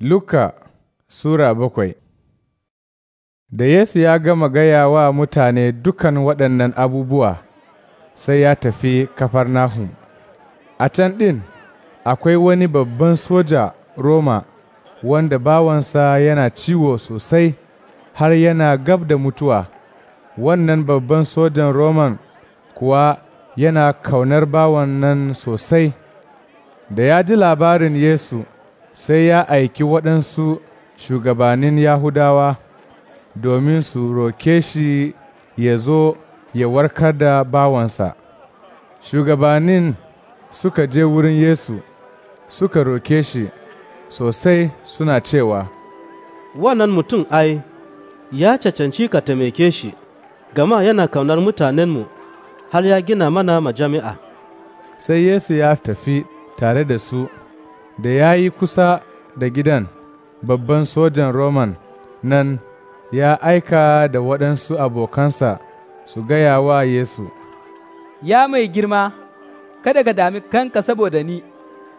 Luka Sura bakwai Da Yesu ya gama gaya wa mutane dukan waɗannan abubuwa, sai ya tafi kafar Kafarnahum. A can ɗin, akwai wani babban soja Roma wanda bawansa yana ciwo sosai har yana gab da mutuwa. Wannan babban sojan Roman kuwa yana kaunar bawan nan sosai. Da ya ji labarin Yesu, sai ya aiki waɗansu shugabannin Yahudawa domin su roke shi ya zo ya warkar da bawansa. Shugabannin suka je wurin Yesu suka roke shi sosai suna cewa, Wannan mutum ai, ya cancanci ka taimake shi, gama yana kaunar mutanenmu har ya gina mana majami'a. Sai Yesu ya tafi tare da su. da ya yi kusa da gidan babban sojan Roman nan ya aika da waɗansu abokansa su gaya wa Yesu, Ya mai girma, kada ka dami kanka saboda ni,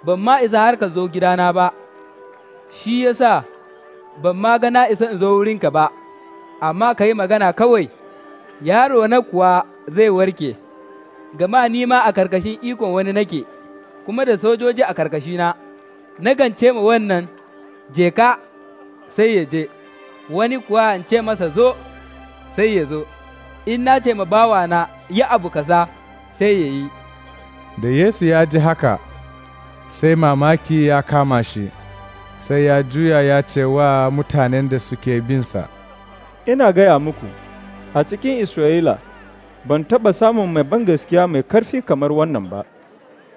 ban ma isa har ka zo gidana ba, shi ya sa ban ma gana isa in zo wurinka ba, amma ka yi magana kawai, yaro na kuwa zai warke, gama ni ma a karkashin ikon wani nake, kuma da sojoji a karkashina. na gance ma wannan, je ka sai ya je, wani kuwa in ce masa zo sai ya zo, in na ce ma bawa na yi abu kaza sai ya yi. Da Yesu ya ji haka, sai mamaki ya kama shi, sai ya juya ya ce wa mutanen da suke binsa. Ina gaya muku, a cikin Isra'ila, ban taɓa samun mai gaskiya mai karfi kamar wannan ba.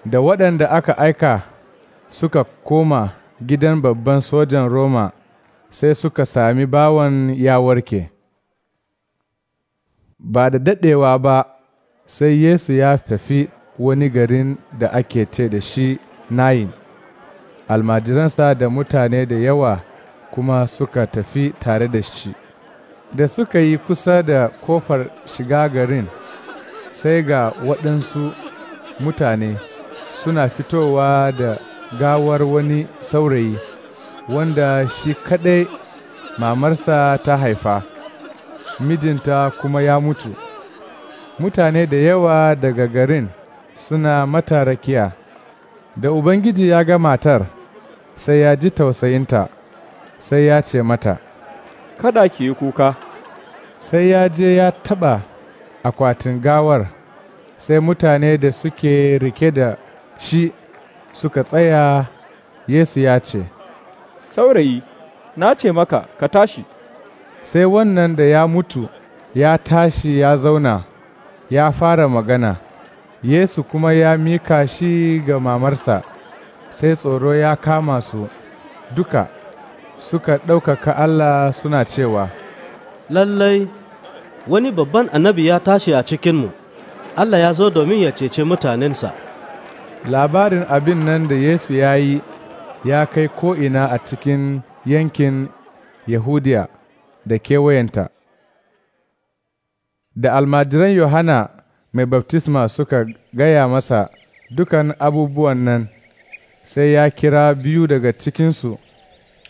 Da waɗanda aka aika suka koma gidan babban sojan Roma sai suka sami bawan ya warke. Ba da daɗewa ba sai Yesu ya tafi wani garin da ake ce da shi Nayin. Almajiransa da mutane da yawa kuma suka tafi tare da shi. Da suka yi kusa da kofar shiga garin sai ga waɗansu mutane suna fitowa da gawar wani saurayi wanda shi kaɗai mamarsa ta haifa, mijinta kuma ya mutu. Mutane da yawa daga garin suna mata rakiya, da Ubangiji ya ga matar, sai ya ji tausayinta, sai ya ce mata, Kada ki yi kuka, sai ya je ya taɓa akwatin gawar, sai mutane da suke rike da shi suka tsaya Yesu ya ce, Saurayi, na ce maka ka tashi. Sai wannan da ya mutu ya tashi ya zauna, ya fara magana, Yesu kuma ya mika shi ga mamarsa, sai tsoro ya kama su duka suka ɗaukaka Allah suna cewa, Lallai, wani babban annabi ya tashi a cikinmu, Allah ya zo domin ya cece mutanensa. labarin abin nan da Yesu ya yi ya kai ko'ina a cikin yankin Yahudiya da kewayenta. Da almajiran Yohana mai baftisma suka gaya masa dukan abubuwan nan, sai ya kira biyu daga cikinsu,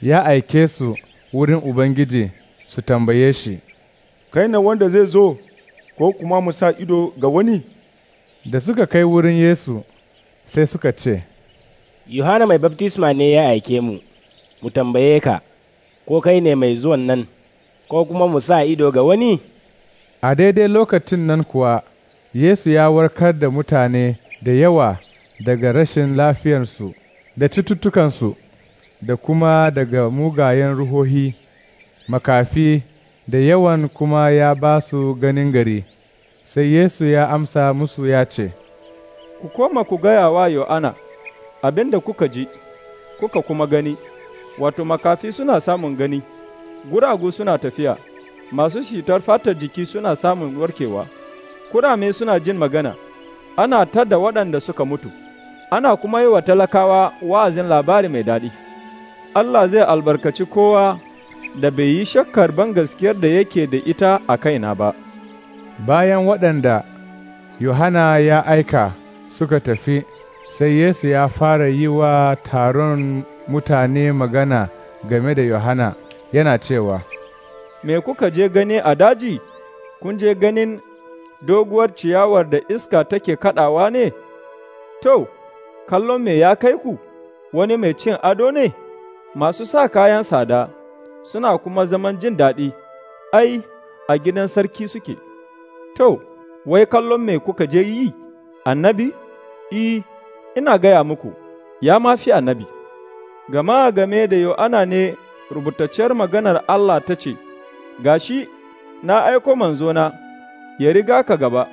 ya aike su wurin Ubangiji su tambaye shi, Kai na wanda zai zo, ko kuma mu sa ido ga wani? Da suka kai wurin Yesu, sai suka ce, Yohana mai baftisma ne ya aike mu, mu tambaye ka, ko kai ne mai zuwan nan, ko kuma mu sa ido ga wani? A daidai lokacin nan kuwa, Yesu ya warkar da mutane da yawa daga rashin lafiyarsu, da cututtukansu, da kuma daga mugayen ruhohi, makafi, da yawan kuma ya ba su ganin gari. Sai Yesu ya amsa musu ya ce, ku koma ku gaya wa Yohana abin da kuka ji, kuka kuma gani, wato makafi suna samun gani, guragu suna tafiya, masu shitar fatar jiki suna samun warkewa, kurame suna jin magana, ana ta da waɗanda suka mutu, ana kuma yi wa talakawa wa'azin labari mai daɗi. Allah zai albarkaci kowa da bai yi shakkar ban gaskiyar da yake da ita a kaina ba. Bayan waɗanda Yohana ya aika suka tafi, sai Yesu ya fara yi wa taron mutane magana game da Yohana, yana cewa, Me kuka je gani a daji? Kun je ganin doguwar ciyawar da iska take kaɗawa ne? To, kallon me ya kai ku, wani mai cin ado ne, masu sa kayan sada, suna kuma zaman jin daɗi, ai, a gidan sarki suke. To, wai kallon me kuka je yi, annabi? I, e, ina gaya muku, ya ma fi annabi, gama game da Yo'ana ne rubutacciyar maganar Allah ta ce, ga shi na aiko manzona, ya riga ka gaba,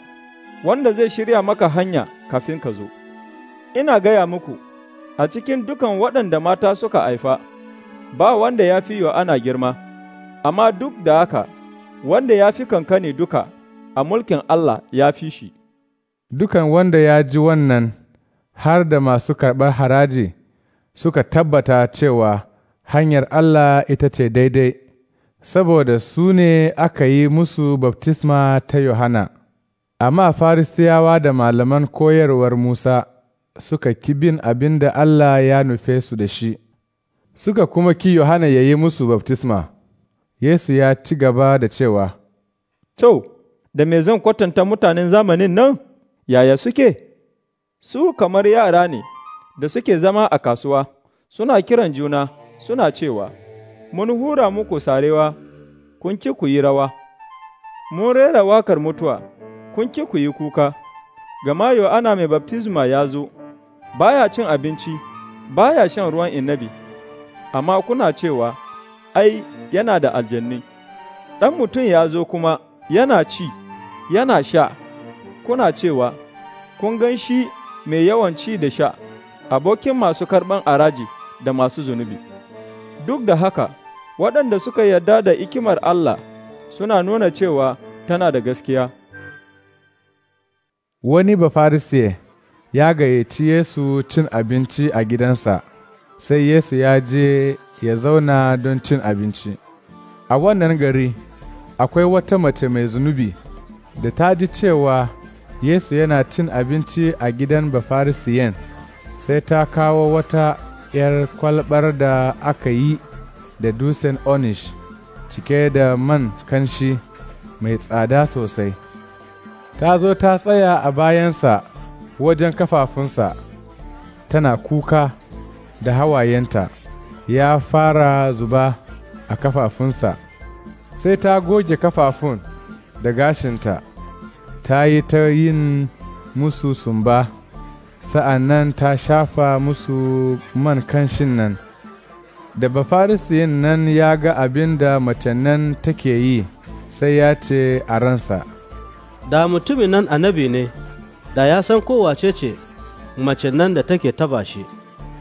wanda zai shirya maka hanya kafin ka zo. Ina gaya muku, a cikin dukan waɗanda mata suka haifa, ba wanda ya fi Yo'ana girma, amma duk da haka, wanda ya fi kankane duka a mulkin Allah ya fi shi. Dukan wanda ya ji wannan har da masu karɓar haraji suka tabbata cewa hanyar Allah ita ce daidai, saboda su ne aka yi musu baftisma ta Yohana. Amma Farisiyawa da malaman koyarwar Musa suka ki bin abin da Allah ya nufe su da shi, suka kuma ki Yohana ya yi musu baftisma. Yesu ya ci gaba da cewa, To, da me zan kwatanta mutanen zamanin nan? yaya suke? Su kamar yara ne da suke zama a kasuwa, suna kiran juna, suna cewa, Mun hura muku sarewa, kun ki ku yi rawa, mun rera wakar mutuwa, kun ki ku yi kuka, gama ana mai baptisma ya zo, baya cin abinci, baya shan ruwan inabi, amma kuna cewa, Ai, yana da aljanni, ɗan mutum ya zo kuma yana ci, yana sha. kuna cewa, Kun gan shi mai yawan ci da sha, abokin masu karɓan araji da masu zunubi. Duk da haka, waɗanda suka yarda da ikimar Allah suna nuna cewa tana da gaskiya. Wani bafarisiye ya gayyaci Yesu cin abinci a gidansa, sai Yesu ya je ya zauna don cin abinci. A wannan gari, akwai wata mace mai zunubi da ta ji cewa Yesu yana cin abinci a gidan Bafarisiyen, sai ta kawo wata ’yar kwalbar da aka yi da dutsen onish cike da man kanshi mai tsada sosai. Ta zo ta tsaya a bayansa wajen kafafunsa, tana kuka da hawayenta ya fara zuba a kafafunsa, sai ta goge kafafun da gashinta. ta yi ta yin musu sumba, sa'an nan ta shafa musu man kanshin nan. Da bafarisiyin nan ya ga abin da macen nan take yi, sai ya ce a ransa. Da mutumin nan annabi ne, da ya san kowace ce macen nan da take taba shi,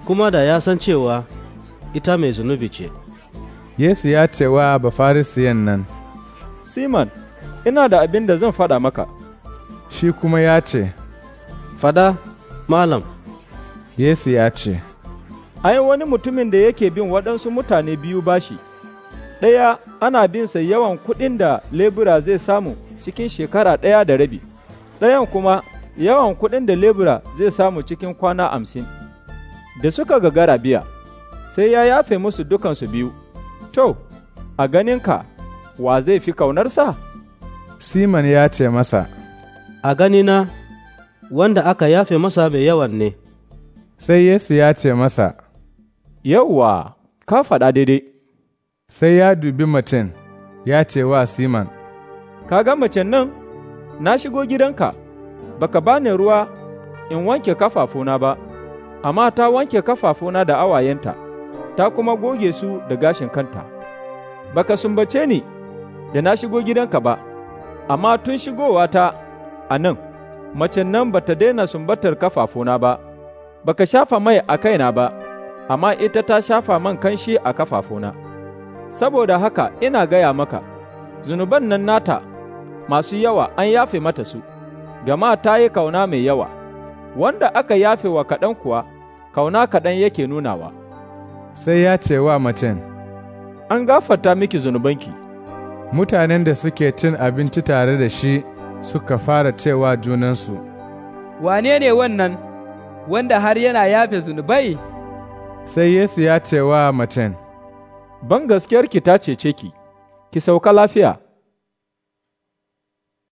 kuma da ya san cewa ita mai zunubi ce. Yesu ya ce wa bafarisiyan nan, Siman, ina da abin da zan faɗa maka. shi kuma ya ce, Fada, Malam, Yesu ya ce, Ai, wani mutumin da yake bin waɗansu mutane biyu bashi, ɗaya ana bin sa yawan kuɗin da lebura zai samu cikin shekara ɗaya da rabi, ɗayan kuma yawan kuɗin da lebura zai samu cikin kwana hamsin. Da suka gagara biya, sai ya yafe musu dukansu biyu, to, a ganinka, wa zai fi kaunarsa? Siman ya ce masa, a ganina wanda aka yafe masa mai yawan ne. Sai Yesu ya ce masa, Yauwa, ka faɗa daidai. Sai ya dubi mutum, ya ce wa Siman, Ka ga macen nan, na shigo gidanka, baka bani ruwa in wanke kafafuna ba, amma ta wanke kafafuna da awayenta, ta kuma goge su da gashin kanta. Baka sumbace ni da na shigo gidanka ba, amma tun shigowa ta. a nan, macen nan ba ta daina sumbatar kafafuna ba, ba ka shafa mai a kaina ba, amma ita ta shafa man kanshi a kafafuna. Saboda haka ina gaya maka, zunuban nan nata masu yawa an yafe mata su, gama ta yi kauna mai yawa, wanda aka yafe wa kaɗan kuwa, kauna kaɗan yake nunawa. Sai ya ce wa macen, An gafata miki zunubanki. Mutanen da suke cin abinci tare da shi suka fara cewa junansu, Wane ne wannan wanda har yana yafe zunubai? Sai Yesu ya ce wa macen, Ban gaskiyar ki ta cece ki, ki sauka lafiya.